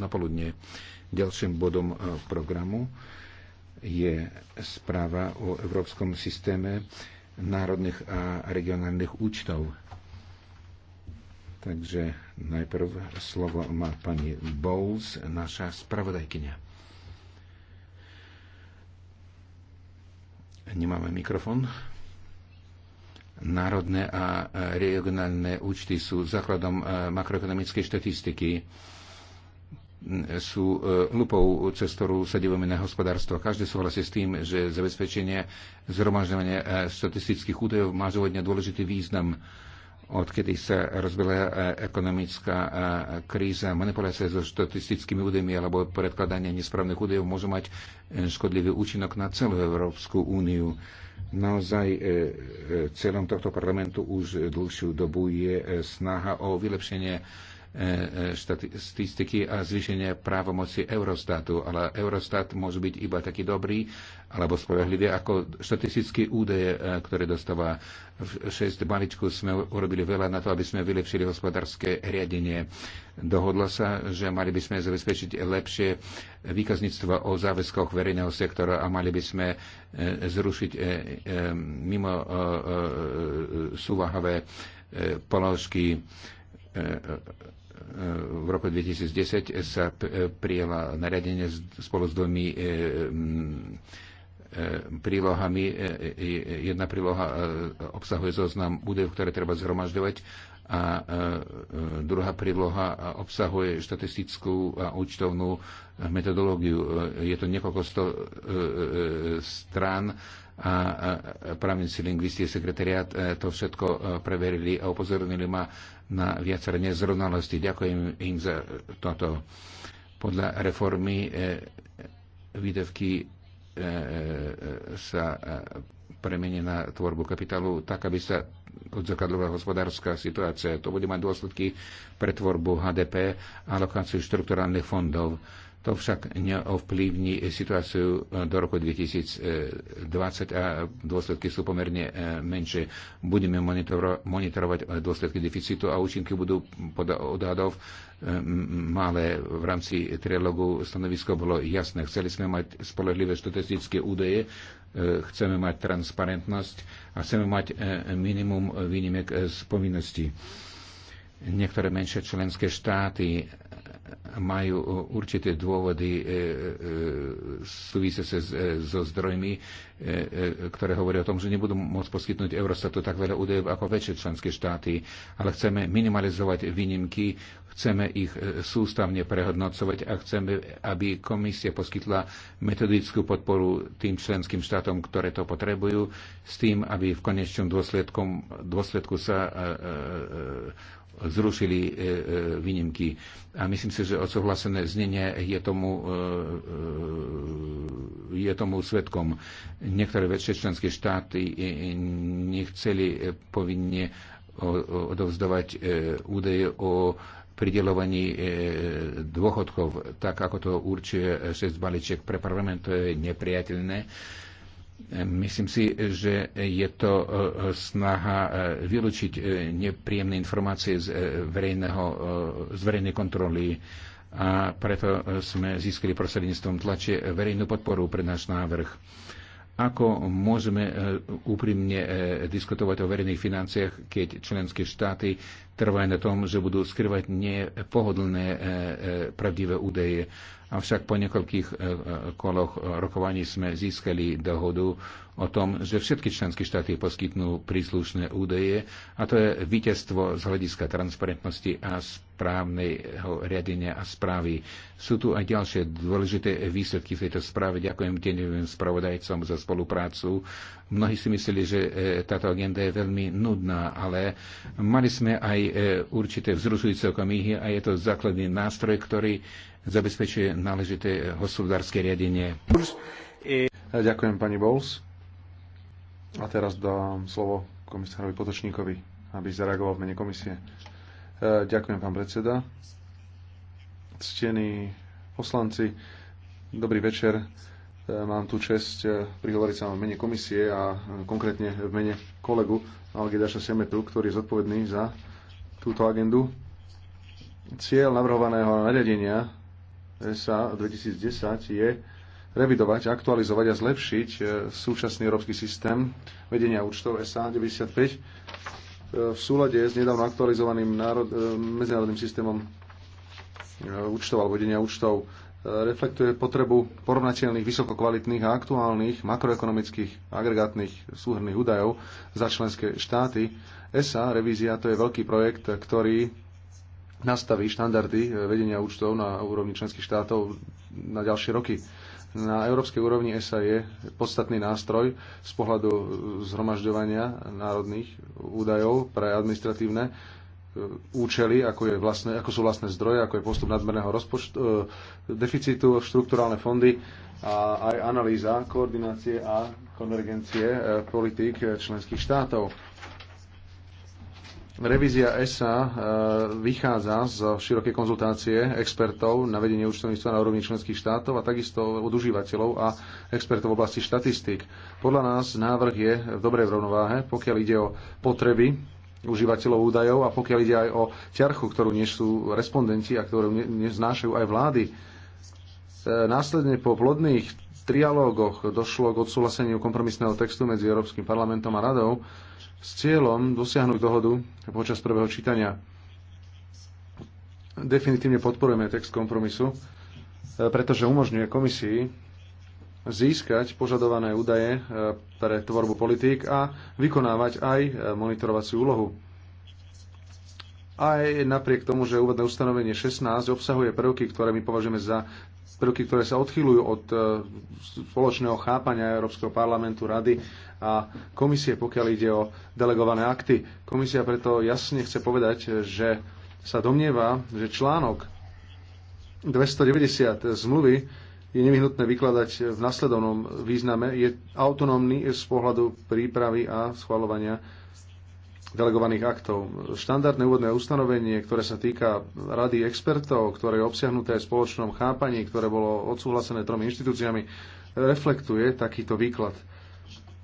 napoludne. Ďalším bodom e, programu je správa o Európskom systéme národných a regionálnych účtov. Takže najprv slovo má pani Bowles, naša spravodajkynia. Nemáme mikrofon. Národné a regionálne účty sú základom e, makroekonomickej štatistiky sú e, hlupou cez ktorú sa na hospodárstvo. Každý súhlasí s tým, že zabezpečenie zhromažďovania e, statistických údajov má zôvodne dôležitý význam odkedy sa rozbila e, ekonomická kríza, manipulácia so štatistickými údajmi alebo predkladanie nesprávnych údajov môžu mať škodlivý účinok na celú Európsku úniu. Naozaj celom tohto parlamentu už dlhšiu dobu je snaha o vylepšenie E, e, štatistiky a zvýšenie právomoci Eurostatu, ale Eurostat môže byť iba taký dobrý alebo spolehlivý ako štatistické údaje, e, ktoré dostáva v 6 balíčku. Sme urobili veľa na to, aby sme vylepšili hospodárske riadenie. Dohodlo sa, že mali by sme zabezpečiť lepšie výkazníctvo o záväzkoch verejného sektora a mali by sme zrušiť mimo súvahové položky v roku 2010 sa e, prijala nariadenie spolu s dvomi e, e, prílohami. Jedna príloha obsahuje zoznam údajov, ktoré treba zhromažďovať a druhá príloha obsahuje štatistickú a účtovnú metodológiu. Je to niekoľko sto strán a právnici lingvisti sekretariat e, to všetko e, preverili a upozornili ma na viaceré nezrovnalosti. Ďakujem im za toto. Podľa reformy e, výdavky sa premenia na tvorbu kapitálu tak, aby sa odzrkadlová hospodárska situácia. To bude mať dôsledky pre tvorbu HDP a alokáciu štrukturálnych fondov. To však neovplyvní situáciu do roku 2020 a dôsledky sú pomerne e, menšie. Budeme monitorovať e, dôsledky deficitu a účinky budú podľa odhadov e, malé. V rámci trialogu stanovisko bolo jasné. Chceli sme mať spolehlivé štatistické údaje, chceme mať transparentnosť a chceme mať minimum výnimek z povinností. Niektoré menšie členské štáty majú e, určité dôvody e, e, súvisiace so zdrojmi, ktoré hovorí o tom, že nebudú môcť poskytnúť Eurostatu tak veľa údajov ako väčšie členské štáty, ale chceme minimalizovať výnimky, chceme ich sústavne prehodnocovať a chceme, aby komisia poskytla metodickú podporu tým členským štátom, ktoré to potrebujú, s tým, aby v konečnom dôsledku sa zrušili e, e, výnimky. A myslím si, že odsúhlasené znenie je tomu, e, je tomu svetkom. Niektoré väčšie členské štáty nechceli povinne odovzdovať údaje o pridelovaní dôchodkov, tak ako to určuje 6 balíček pre parlament, to je nepriateľné Myslím si, že je to e, snaha e, vylúčiť e, nepríjemné informácie z, verejného, z verejnej kontroly a preto sme získali prostredníctvom tlače verejnú podporu pre náš návrh. Ako môžeme úprimne diskutovať o verejných financiách, keď členské štáty trvajú na tom, že budú skrývať nepohodlné e, e, pravdivé údaje. Avšak po niekoľkých e, koloch rokovaní sme získali dohodu o tom, že všetky členské štáty poskytnú príslušné údaje a to je víťazstvo z hľadiska transparentnosti a správneho riadenia a správy. Sú tu aj ďalšie dôležité výsledky v tejto správe. Ďakujem deňovým spravodajcom za spoluprácu Mnohí si mysleli, že e, táto agenda je veľmi nudná, ale mali sme aj e, určité vzrušujúce okamihy a je to základný nástroj, ktorý zabezpečuje náležité hospodárske riadenie. E, ďakujem pani Bowles. A teraz dám slovo komisárovi Potočníkovi, aby zareagoval v mene komisie. Ďakujem, pán predseda. Ctení poslanci, dobrý večer. Mám tu čest e, prihovoriť sa v mene komisie a e, konkrétne v mene kolegu Algedaša Semetu, ktorý je zodpovedný za túto agendu. Cieľ navrhovaného nariadenia sa 2010 je revidovať, aktualizovať a zlepšiť e, súčasný európsky systém vedenia účtov SA 95 v súlade s nedávno aktualizovaným národ, medzinárodným systémom účtov alebo vedenia účtov reflektuje potrebu porovnateľných, vysokokvalitných a aktuálnych makroekonomických agregátnych súhrných údajov za členské štáty. ESA, revízia, to je veľký projekt, ktorý nastaví štandardy eh, vedenia účtov na úrovni členských štátov na ďalšie roky. Na európskej úrovni ESA je podstatný nástroj z pohľadu eh, zhromažďovania národných údajov pre administratívne E, účely, ako, je vlastne, ako sú vlastné zdroje, ako je postup nadmerného rozpočtu, e, deficitu, štruktúrálne fondy a aj analýza koordinácie a konvergencie e, politík členských štátov. Revízia ESA vychádza z širokej konzultácie expertov na vedenie účtovníctva na úrovni členských štátov a takisto od užívateľov a expertov v oblasti štatistík. Podľa nás návrh je v dobrej rovnováhe, pokiaľ ide o potreby užívateľov údajov a pokiaľ ide aj o ťarchu, ktorú nie sú respondenti a ktorú neznášajú aj vlády. E, následne po plodných trialógoch došlo k odsúhlaseniu kompromisného textu medzi Európskym parlamentom a radou s cieľom dosiahnuť dohodu počas prvého čítania. Definitívne podporujeme text kompromisu, e, pretože umožňuje komisii získať požadované údaje e, pre tvorbu politík a vykonávať aj e, monitorovaciu úlohu. Aj napriek tomu, že úvodné ustanovenie 16 obsahuje prvky, ktoré my považujeme za prvky, ktoré sa odchýľujú od e, spoločného chápania Európskeho parlamentu, rady a komisie, pokiaľ ide o delegované akty. Komisia preto jasne chce povedať, že sa domnieva, že článok 290 zmluvy je nevyhnutné vykladať v nasledovnom význame, je autonómny z pohľadu prípravy a schvalovania delegovaných aktov. Štandardné úvodné ustanovenie, ktoré sa týka rady expertov, ktoré je obsiahnuté v spoločnom chápaní, ktoré bolo odsúhlasené tromi inštitúciami, reflektuje takýto výklad,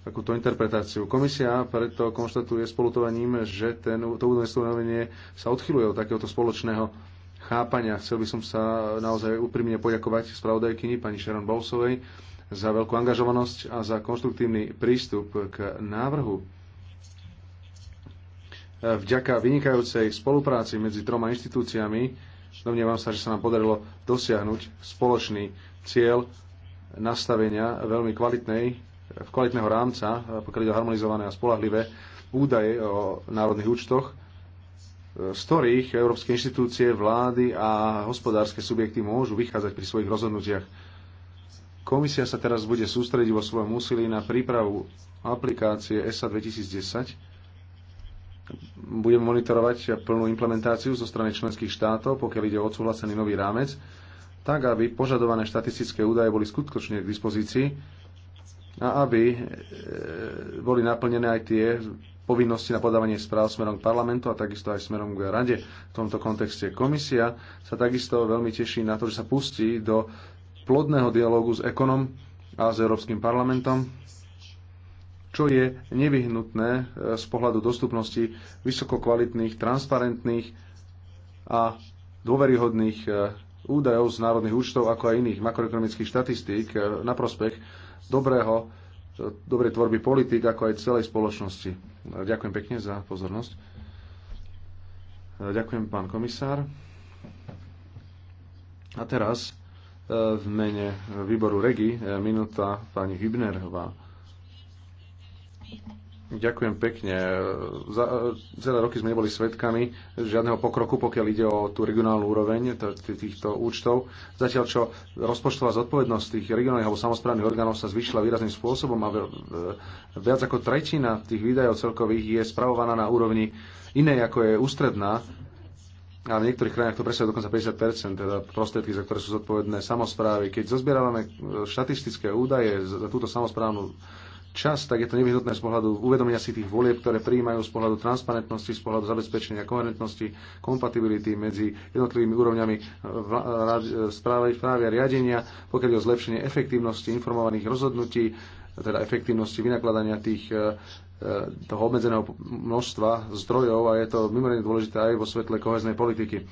takúto interpretáciu. Komisia preto konštatuje spolutovaním, že ten, to úvodné ustanovenie sa odchyluje od takéhoto spoločného chápania. Chcel by som sa naozaj úprimne poďakovať spravodajkyni pani Sharon Bowsovej za veľkú angažovanosť a za konštruktívny prístup k návrhu. Vďaka vynikajúcej spolupráci medzi troma inštitúciami domnievam sa, že sa nám podarilo dosiahnuť spoločný cieľ nastavenia veľmi kvalitnej, kvalitného rámca, pokiaľ ide harmonizované a spolahlivé údaje o národných účtoch z ktorých európske inštitúcie, vlády a hospodárske subjekty môžu vychádzať pri svojich rozhodnutiach. Komisia sa teraz bude sústrediť vo svojom úsilí na prípravu aplikácie ESA 2010. Budem monitorovať plnú implementáciu zo strany členských štátov, pokiaľ ide o odsúhlasený nový rámec, tak aby požadované štatistické údaje boli skutočne k dispozícii a aby e, boli naplnené aj tie povinnosti na podávanie správ smerom k parlamentu a takisto aj smerom k rade. V tomto kontexte komisia sa takisto veľmi teší na to, že sa pustí do plodného dialógu s ekonom a s Európskym parlamentom, čo je nevyhnutné e, z pohľadu dostupnosti vysokokvalitných, transparentných a dôveryhodných e, údajov z národných účtov, ako aj iných makroekonomických štatistík e, na prospech dobrého dobrej tvorby politik, ako aj celej spoločnosti. Ďakujem pekne za pozornosť. Ďakujem, pán komisár. A teraz e, v mene výboru REGI e, minúta pani Hybnerová. Ďakujem pekne. Za celé roky sme neboli svedkami žiadneho pokroku, pokiaľ ide o tú regionálnu úroveň týchto účtov. Zatiaľ, čo rozpočtová zodpovednosť tých regionálnych alebo samozprávnych orgánov sa zvyšila výrazným spôsobom a viac ako tretina tých výdajov celkových je spravovaná na úrovni inej, ako je ústredná, a v niektorých krajinách to presahuje dokonca 50 teda prostriedky, za ktoré sú zodpovedné samozprávy. Keď zozbierávame e, štatistické údaje za túto samozprávnu čas, tak je to nevyhnutné z pohľadu uvedomia si tých volieb, ktoré prijímajú z pohľadu transparentnosti, z pohľadu zabezpečenia koherentnosti, kompatibility medzi jednotlivými úrovňami eh, eh, eh, správy, správy a riadenia, pokiaľ je o zlepšenie efektívnosti informovaných rozhodnutí, teda efektívnosti vynakladania tých e, e, toho obmedzeného množstva zdrojov a je to mimoriadne dôležité aj vo svetle koheznej politiky.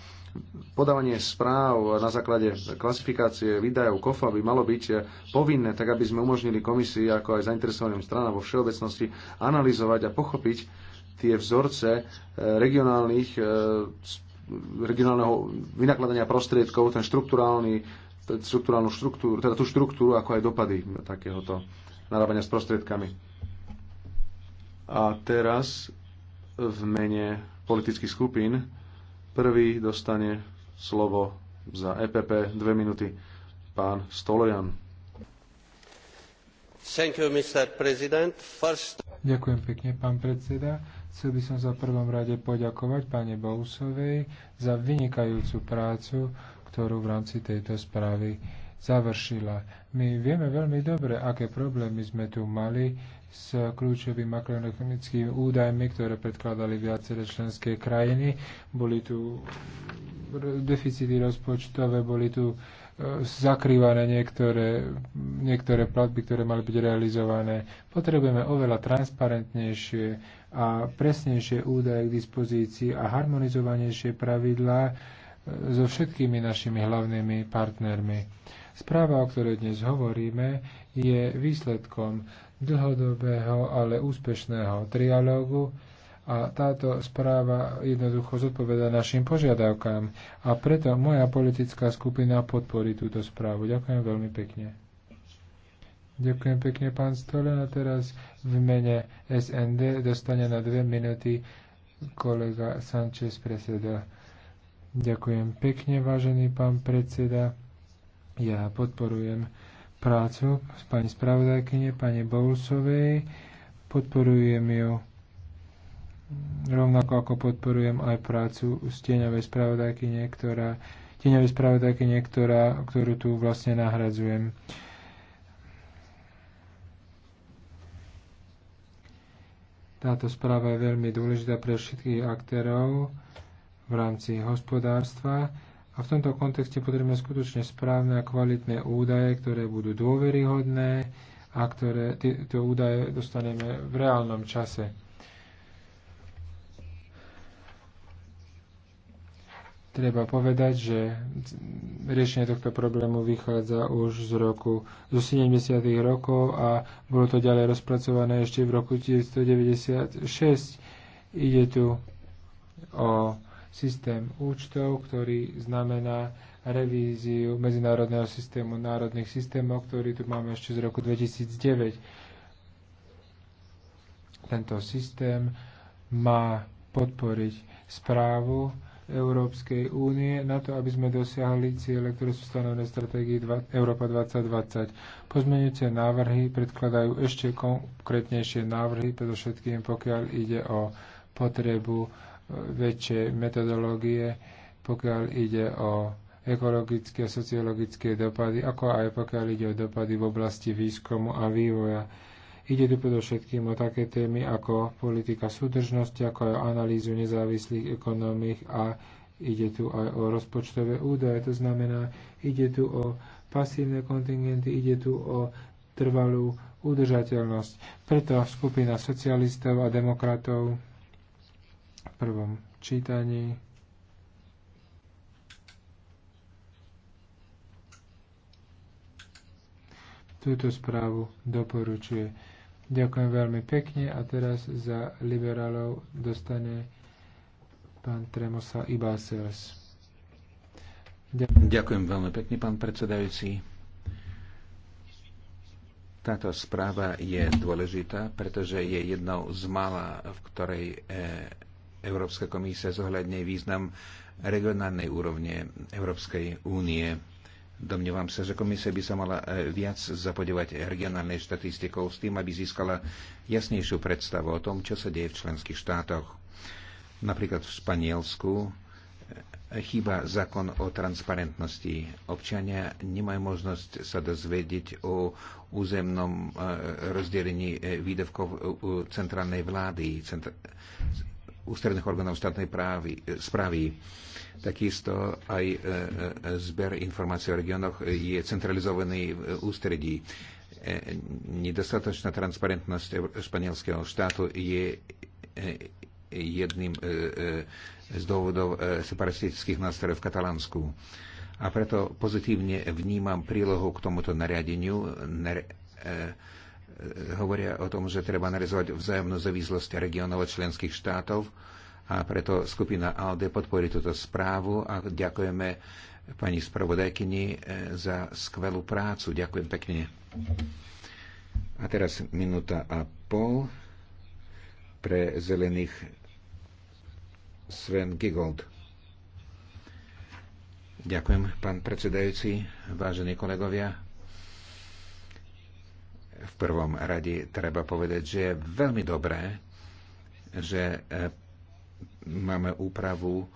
Podávanie správ na základe klasifikácie výdajov KOFA by malo byť povinné, tak aby sme umožnili komisii, ako aj zainteresovaným stranám vo všeobecnosti, analyzovať a pochopiť tie vzorce e, regionálnych, regionálneho vynakladania prostriedkov, ten štruktúrálny, štruktúrálnu štruktúru, teda tú štruktúru, ako aj dopady takéhoto narábania s prostriedkami. A teraz v mene politických skupín prvý dostane slovo za EPP dve minúty pán Stolojan. You, First... Ďakujem pekne, pán predseda. Chcel by som za prvom rade poďakovať pani Bousovej za vynikajúcu prácu, ktorú v rámci tejto správy završila. My vieme veľmi dobre, aké problémy sme tu mali s kľúčovými makroekonomickými údajmi, ktoré predkladali viaceré členské krajiny. Boli tu deficity rozpočtové, boli tu e, zakrývané niektoré, niektoré platby, ktoré mali byť realizované. Potrebujeme oveľa transparentnejšie a presnejšie údaje k dispozícii a harmonizovanejšie pravidlá e, so všetkými našimi hlavnými partnermi Správa, o ktorej dnes hovoríme, je výsledkom dlhodobého, ale úspešného trialógu a táto správa jednoducho zodpoveda našim požiadavkám a preto moja politická skupina podporí túto správu. Ďakujem veľmi pekne. Ďakujem pekne, pán Stolen. A teraz v mene SND dostane na dve minúty kolega Sanchez preseda. Ďakujem pekne, vážený pán predseda. Ja podporujem prácu s pani spravodajkyne, pani Bousovej. Podporujem ju rovnako ako podporujem aj prácu z tieňovej spravodajkyne, ktorá, tieňovej spravodajkyne, ktorá, ktorú tu vlastne nahradzujem. Táto správa je veľmi dôležitá pre všetkých aktérov v rámci hospodárstva a v tomto kontexte potrebujeme skutočne správne a kvalitné údaje, ktoré budú dôveryhodné a ktoré tieto údaje dostaneme v reálnom čase. Treba povedať, že riešenie tohto problému vychádza už z roku zo 70. rokov a bolo to ďalej rozpracované ešte v roku 1996. Ide tu o systém účtov, ktorý znamená revíziu medzinárodného systému národných systémov, ktorý tu máme ešte z roku 2009. Tento systém má podporiť správu Európskej únie na to, aby sme dosiahli ciele, ktoré sú stanovené v stratégii Európa 2020. Pozmenujúce návrhy predkladajú ešte konkrétnejšie návrhy, predovšetkým pokiaľ ide o potrebu väčšie metodológie, pokiaľ ide o ekologické a sociologické dopady, ako aj pokiaľ ide o dopady v oblasti výskumu a vývoja. Ide tu predovšetkým o také témy ako politika súdržnosti, ako aj o analýzu nezávislých ekonomík a ide tu aj o rozpočtové údaje. To znamená, ide tu o pasívne kontingenty, ide tu o trvalú udržateľnosť. Preto skupina socialistov a demokratov v prvom čítaní. Túto správu doporučuje. Ďakujem veľmi pekne a teraz za liberálov dostane pán Tremosa Ibáseles. Ďakujem veľmi pekne, pán predsedajúci. Táto správa je dôležitá, pretože je jednou z mála, v ktorej eh, Európska komisia zohľadne význam regionálnej úrovne Európskej únie. Domnievam sa, že komisia by sa mala e, viac zapodevať regionálnej štatistikou s tým, aby získala jasnejšiu predstavu o tom, čo sa deje v členských štátoch. Napríklad v Španielsku e, chýba zákon o transparentnosti. Občania nemajú možnosť sa dozvedieť o územnom e, rozdelení výdavkov centrálnej vlády. Centr- ústredných orgánov štátnej právy, e, správy. Takisto aj e, e, zber informácií o regiónoch je centralizovaný v ústredí. Nedostatočná transparentnosť španielského štátu je jedným z dôvodov separatistických nástrojov v Katalánsku. A preto pozitívne vnímam prílohu k tomuto nariadeniu. Nari- E, hovoria o tom, že treba narizovať vzájomnú závislosť regionov a členských štátov a preto skupina ALDE podporí túto správu a ďakujeme pani spravodajkyni e, za skvelú prácu. Ďakujem pekne. A teraz minúta a pol pre zelených Sven Gigold. Ďakujem, pán predsedajúci, vážení kolegovia, v prvom rade treba povedať, že je veľmi dobré, že e, máme úpravu e,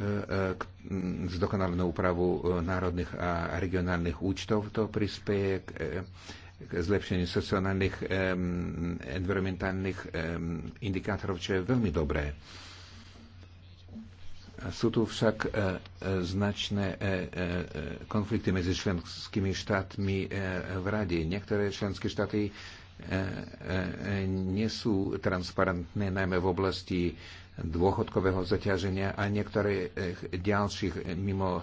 e, zdokonalenú úpravu národných a regionálnych účtov. To prispieje k, k zlepšeniu sociálnych, environmentálnych indikátorov, čo je veľmi dobré. Sú tu však e, e, značné e, konflikty medzi členskými štátmi v Rade. Niektoré členské štáty nie sú transparentné, najmä v oblasti dôchodkového zaťaženia a niektoré ďalších mimo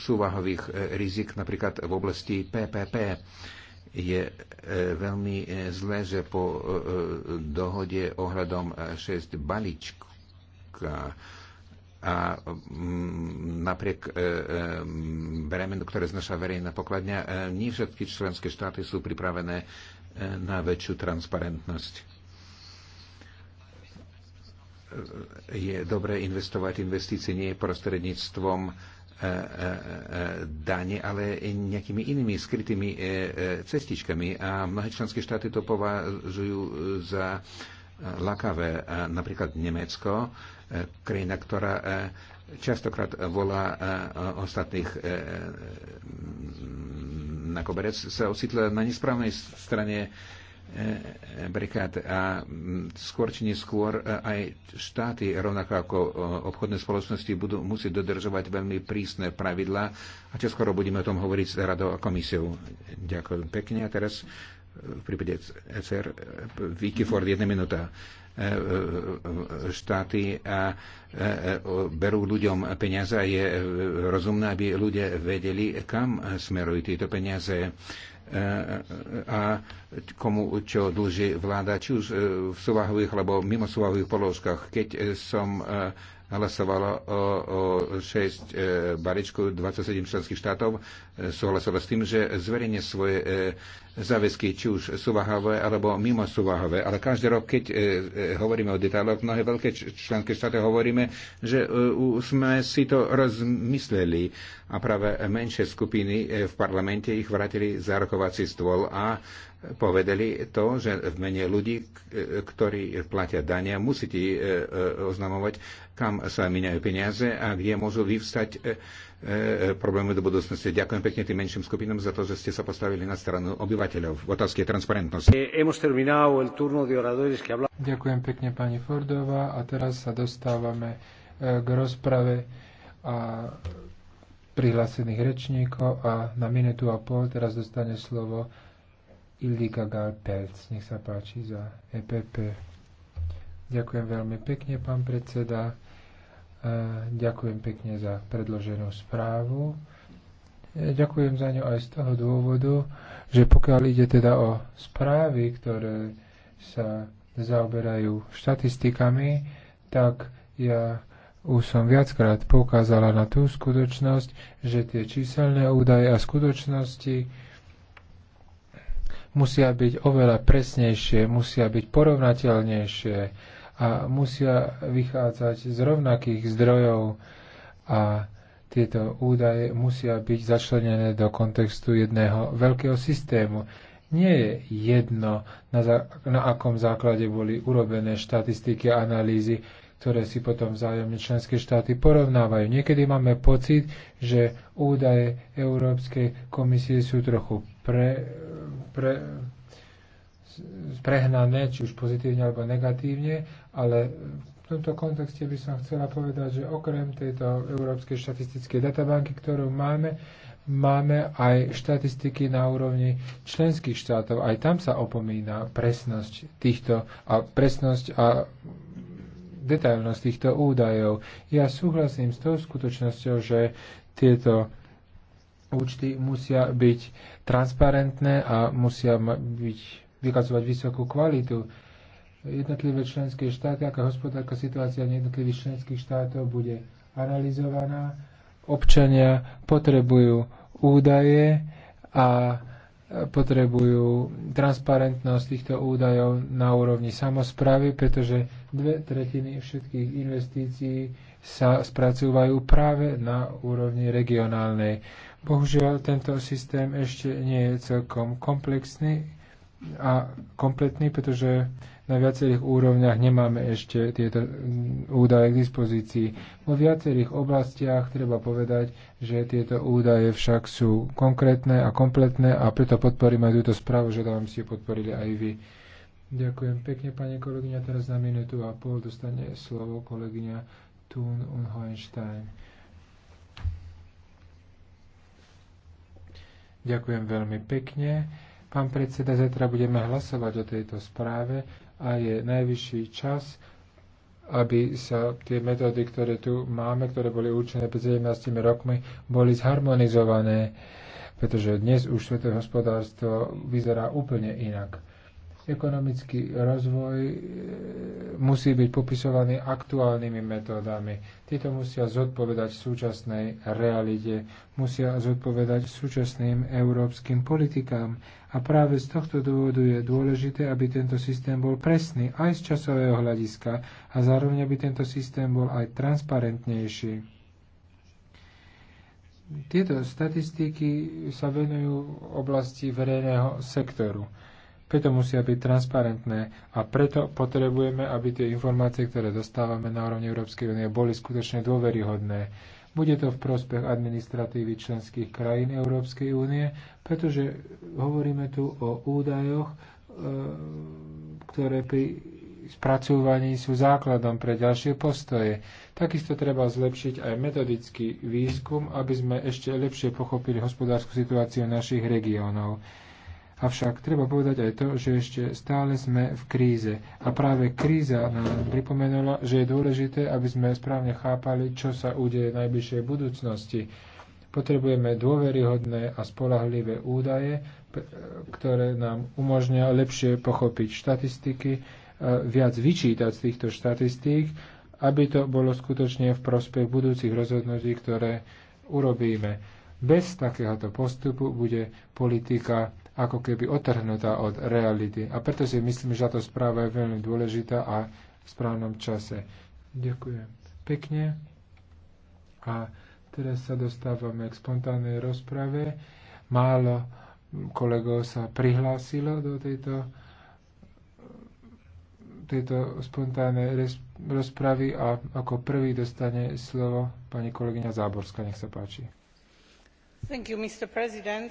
súvahových rizik, napríklad v oblasti PPP. Je veľmi zlé, že po dohode ohľadom 6 balíčku a, a mm, napriek e, e, bremenu, ktoré znaša verejná pokladňa, e, nie všetky členské štáty sú pripravené na väčšiu transparentnosť. Je dobre investovať investície nie prostredníctvom dane, ale nejakými inými skrytými cestičkami. A mnohé členské štáty to považujú za lakavé. Napríklad Nemecko E, krajina, ktorá e, častokrát volá e, ostatných na koberec, sa ocitla na nesprávnej strane brikát a skôr či neskôr aj štáty, rovnako ako obchodné spoločnosti, budú musieť dodržovať veľmi prísne pravidlá a skoro budeme o tom hovoriť s radou a komisiou. Ďakujem pekne a teraz v prípade ECR Vicky Ford, jedna minúta. E, e, štáty a e, berú ľuďom peniaze a je rozumné, aby ľudia vedeli, kam smerujú tieto peniaze a komu čo dlží vláda, či už v súvahových alebo mimo súvahových položkách. Keď som hlasovalo o, o 6 balíčku 27 členských štátov, e, súhlasilo s tým, že zverejne svoje e, záväzky, či už súvahové alebo mimo súvahové. Ale každý rok, keď e, hovoríme o detailoch, mnohé veľké členské štáty hovoríme, že sme si to rozmysleli a práve menšie skupiny v parlamente ich vrátili za rokovací stôl a povedali to, že v mene ľudí, ktorí platia dania, musíte e, e, oznamovať, kam sa miniajú peniaze a kde môžu vyvstať e, problémy do budúcnosti. Ďakujem pekne tým menším skupinám za to, že ste sa postavili na stranu obyvateľov v otázke transparentnosti. Eh, Ďakujem pekne pani Fordová a teraz sa dostávame eh, k rozprave a prihlásených rečníkov a na minútu a pol teraz dostane slovo Ildika Galpelc. Nech sa páči za EPP. Ďakujem veľmi pekne, pán predseda. E, ďakujem pekne za predloženú správu. E, ďakujem za ňu aj z toho dôvodu, že pokiaľ ide teda o správy, ktoré sa zaoberajú štatistikami, tak ja už som viackrát poukázala na tú skutočnosť, že tie číselné údaje a skutočnosti musia byť oveľa presnejšie, musia byť porovnateľnejšie a musia vychádzať z rovnakých zdrojov a tieto údaje musia byť začlenené do kontextu jedného veľkého systému. Nie je jedno, na, za, na akom základe boli urobené štatistiky a analýzy, ktoré si potom vzájomne členské štáty porovnávajú. Niekedy máme pocit, že údaje Európskej komisie sú trochu pre, pre, prehnané, či už pozitívne alebo negatívne, ale v tomto kontexte by som chcela povedať, že okrem tejto Európskej štatistickej databanky, ktorú máme, máme aj štatistiky na úrovni členských štátov. Aj tam sa opomína presnosť týchto a presnosť a detailnosť týchto údajov. Ja súhlasím s tou skutočnosťou, že tieto účty musia byť transparentné a musia byť, vykazovať vysokú kvalitu. Jednotlivé členské štáty, aká hospodárska situácia v jednotlivých členských štátov bude analyzovaná. Občania potrebujú údaje a potrebujú transparentnosť týchto údajov na úrovni samozprávy, pretože dve tretiny všetkých investícií sa spracúvajú práve na úrovni regionálnej. Bohužiaľ, tento systém ešte nie je celkom komplexný a kompletný, pretože na viacerých úrovniach nemáme ešte tieto mm, údaje k dispozícii. Vo viacerých oblastiach treba povedať, že tieto údaje však sú konkrétne a kompletné a preto podporím aj túto správu, že vám ste podporili aj vy. Ďakujem pekne, pani kolegyňa. Teraz na minútu a pol dostane slovo kolegyňa Thun und Hohenstein. Ďakujem veľmi pekne. Pán predseda, zajtra budeme hlasovať o tejto správe a je najvyšší čas, aby sa tie metódy, ktoré tu máme, ktoré boli určené pred 17 rokmi, boli zharmonizované, pretože dnes už svetové hospodárstvo vyzerá úplne inak. Ekonomický rozvoj e, musí byť popisovaný aktuálnymi metódami. Tieto musia zodpovedať súčasnej realite, musia zodpovedať súčasným európskym politikám. A práve z tohto dôvodu je dôležité, aby tento systém bol presný aj z časového hľadiska a zároveň, aby tento systém bol aj transparentnejší. Tieto statistiky sa venujú oblasti verejného sektoru preto musia byť transparentné a preto potrebujeme, aby tie informácie, ktoré dostávame na úrovni Európskej únie, boli skutočne dôveryhodné. Bude to v prospech administratívy členských krajín Európskej únie, pretože hovoríme tu o údajoch, e, ktoré pri spracúvaní sú základom pre ďalšie postoje. Takisto treba zlepšiť aj metodický výskum, aby sme ešte lepšie pochopili hospodárskú situáciu našich regiónov. Avšak treba povedať aj to, že ešte stále sme v kríze. A práve kríza nám pripomenula, že je dôležité, aby sme správne chápali, čo sa udeje v najbližšej budúcnosti. Potrebujeme dôveryhodné a spolahlivé údaje, ktoré nám umožňa lepšie pochopiť štatistiky, e, viac vyčítať z týchto štatistík, aby to bolo skutočne v prospech budúcich rozhodnutí, ktoré urobíme. Bez takéhoto postupu bude politika ako keby otrhnutá od reality. A preto si myslím, že táto správa je veľmi dôležitá a v správnom čase. Ďakujem pekne. A teraz sa dostávame k spontánnej rozprave. Málo kolegov sa prihlásilo do tejto, tejto spontánnej rozpravy a ako prvý dostane slovo pani kolegyňa Záborská. Nech sa páči. Thank you, Mr. President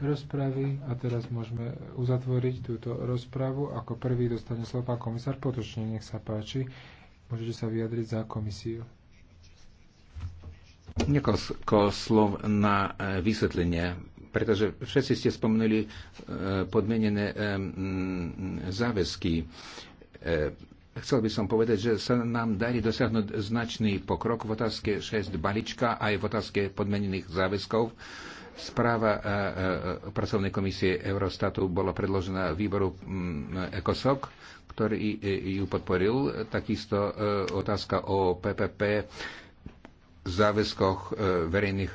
rozpravy a teraz môžeme uzatvoriť túto rozpravu. Ako prvý dostane slovo pán komisár Potočný, nech sa páči. Môžete sa vyjadriť za komisiu. Niekoľko slov na e, vysvetlenie, pretože všetci ste spomenuli e, podmienené e, záväzky. Chcel by som povedať, že sa nám darí dosiahnuť značný pokrok v otázke 6 balička aj v otázke podmenených záväzkov Správa e, e, pracovnej komisie Eurostatu bola predložená výboru mm, ECOSOC, ktorý e, ju podporil. Takisto otázka o PPP záväzkoch verejných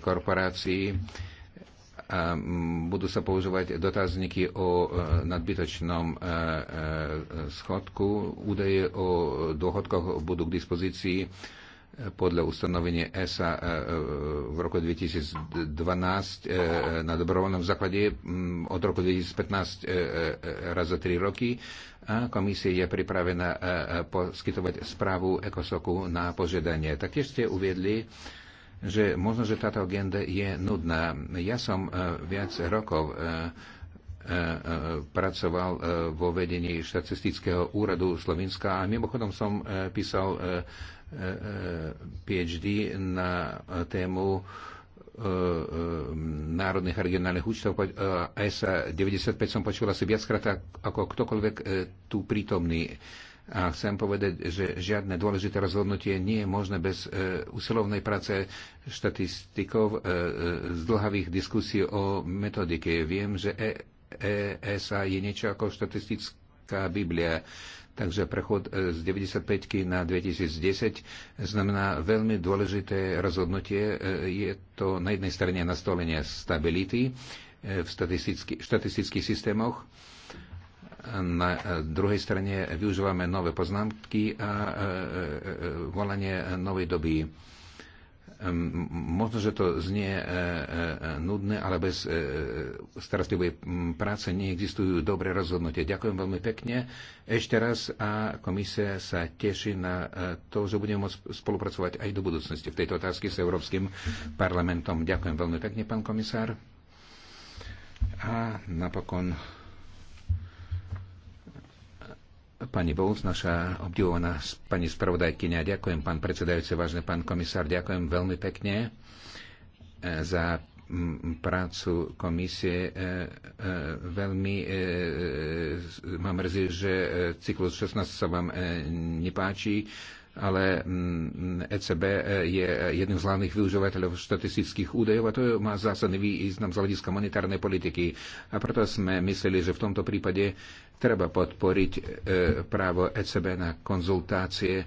korporácií a mm, budú sa používať dotazníky o nadbytočnom schodku. Údaje o dôchodkoch budú k dispozícii podľa ustanovenia ESA e, e, v roku 2012 e, na dobrovoľnom základe mm, od roku 2015 raz za tri roky a komisia je pripravená poskytovať správu ECOSOKu na požiadanie. Taktiež ste uviedli, že možno, že táto agenda je nudná. Ja som viac rokov pracoval vo vedení štatistického úradu Slovenska a mimochodom som písal Eh, PhD na tému eh, eh, národných a regionálnych účtov. ESA 95 som počul asi viackrát ako ktokoľvek tu prítomný. A chcem povedať, že žiadne dôležité rozhodnutie nie je možné bez usilovnej práce štatistikov, z dlhavých diskusí o metodike. Viem, že ESA e je niečo ako štatistická Biblia. Takže prechod e, z 95 na 2010 znamená veľmi dôležité rozhodnutie. E, je to na jednej strane nastolenie stability e, v statistických, štatistických systémoch, na druhej strane využívame nové poznámky a volanie novej doby Ehm, možno, že to znie e, e, nudné, ale bez e, starostlivej práce neexistujú dobré rozhodnutie. Ďakujem veľmi pekne ešte raz a komisia sa teší na to, že budeme môcť spolupracovať aj do budúcnosti v tejto otázke s Európskym parlamentom. Ďakujem veľmi pekne, pán komisár. A napokon pani Bous, naša obdivovaná pani spravodajkynia. Ďakujem, pán predsedajúci, vážne pán komisár, ďakujem veľmi pekne e, za prácu komisie. E, e, veľmi mám mrzí, že cyklus 16 sa vám nepáči ale mm, ECB e, je jedným z hlavných využívateľov štatistických údajov a to má zásadný význam z hľadiska monetárnej politiky. A preto sme mysleli, že v tomto prípade treba podporiť e, právo ECB na konzultácie e,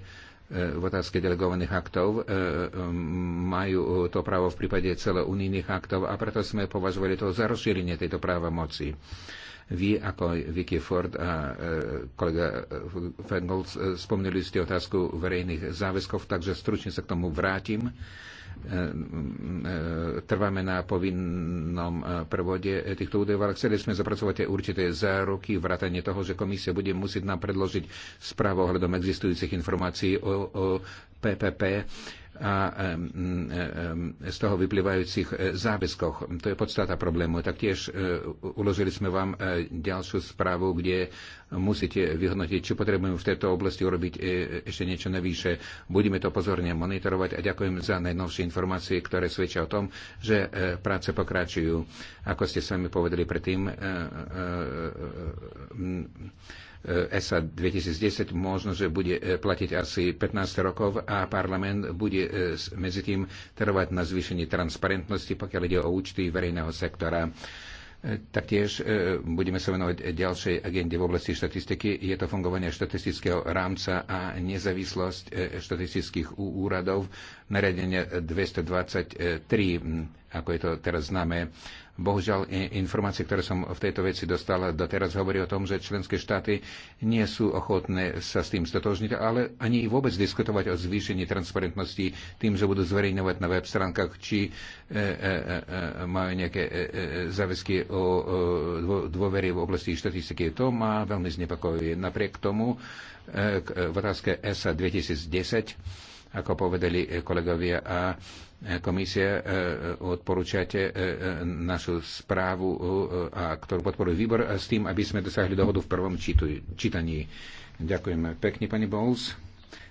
v otázke delegovaných aktov. Majú to právo v prípade celounijných aktov a preto sme považovali to za rozšírenie tejto práva moci. Vy ako Vicky Ford a e, kolega e, Fengels spomnili ste otázku verejných záväzkov, takže stručne sa k tomu vrátim e, trváme na povinnom prevode týchto údajov, ale chceli sme zapracovať aj určité záruky, vrátanie toho, že komisia bude musieť nám predložiť správu ohľadom existujúcich informácií o, o PPP a z toho vyplývajúcich e, záväzkoch. To je podstata problému. Taktiež e, uložili sme vám e, ďalšiu správu, kde musíte vyhodnotiť, či potrebujeme v tejto oblasti urobiť ešte niečo navyše. Budeme to pozorne monitorovať a ďakujem za najnovšie informácie, ktoré svedčia o tom, že práce pokračujú. Ako ste sami povedali predtým, E, e ESA 2010 možno, že bude e, platiť asi 15 rokov a parlament bude medzi tým trvať na zvýšení transparentnosti, pokiaľ ide o účty verejného sektora. Taktiež budeme sa venovať ďalšej agende v oblasti štatistiky. Je to fungovanie štatistického rámca a nezávislosť štatistických úradov. Nariadenie 223, ako je to teraz známe, Bohužiaľ, informácie, ktoré som v tejto veci dostal doteraz, hovorí o tom, že členské štáty nie sú ochotné sa s tým stotožniť, ale ani vôbec diskutovať o zvýšení transparentnosti tým, že budú zverejňovať na web stránkach, či e, e, e, e majú nejaké e, e, záväzky o e, dôvery v oblasti štatistiky. To má veľmi znepokojuje. Napriek tomu e, k, v otázke ESA 2010 ako povedali kolegovia a komisia, e, e, odporúčate e, našu správu, a ktorú podporuje výbor, s tým, aby sme dosahli dohodu v prvom čítaní. Ďakujem pekne, pani Bowles.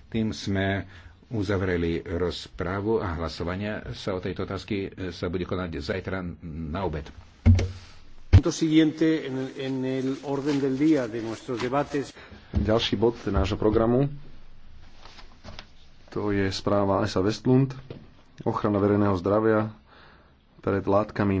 Tým sme uzavreli rozprávu a hlasovanie sa o tejto otázky sa bude konať zajtra na obed. Ďalší bod nášho programu to je správa Esa Westlund, ochrana verejného zdravia pred látkami na